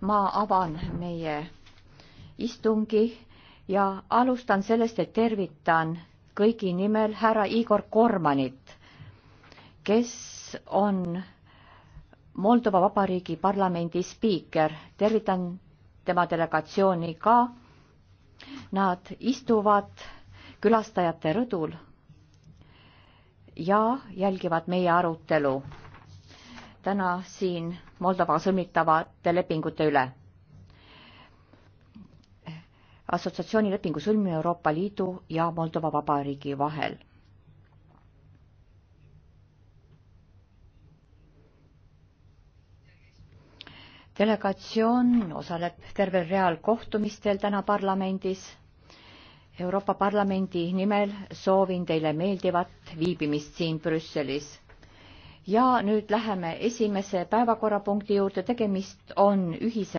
ma avan meie istungi ja alustan sellest, et tervitan kõigi nimel härra Igor Kormanit, kes on Moldova Vabariigi Parlamendi spiiker. tervitan tema delegatsiooni ka. Nad istuvad külastajate rõdul ja jälgivad meie arutelu täna siin Moldovaga sõlmitavate lepingute üle. assotsiatsioonilepingu sõlmimine Euroopa Liidu ja Moldova Vabariigi vahel. delegatsioon osaleb tervel real kohtumistel täna parlamendis. Euroopa Parlamendi nimel soovin teile meeldivat viibimist siin Brüsselis ja nüüd läheme esimese päevakorrapunkti juurde, tegemist on ühise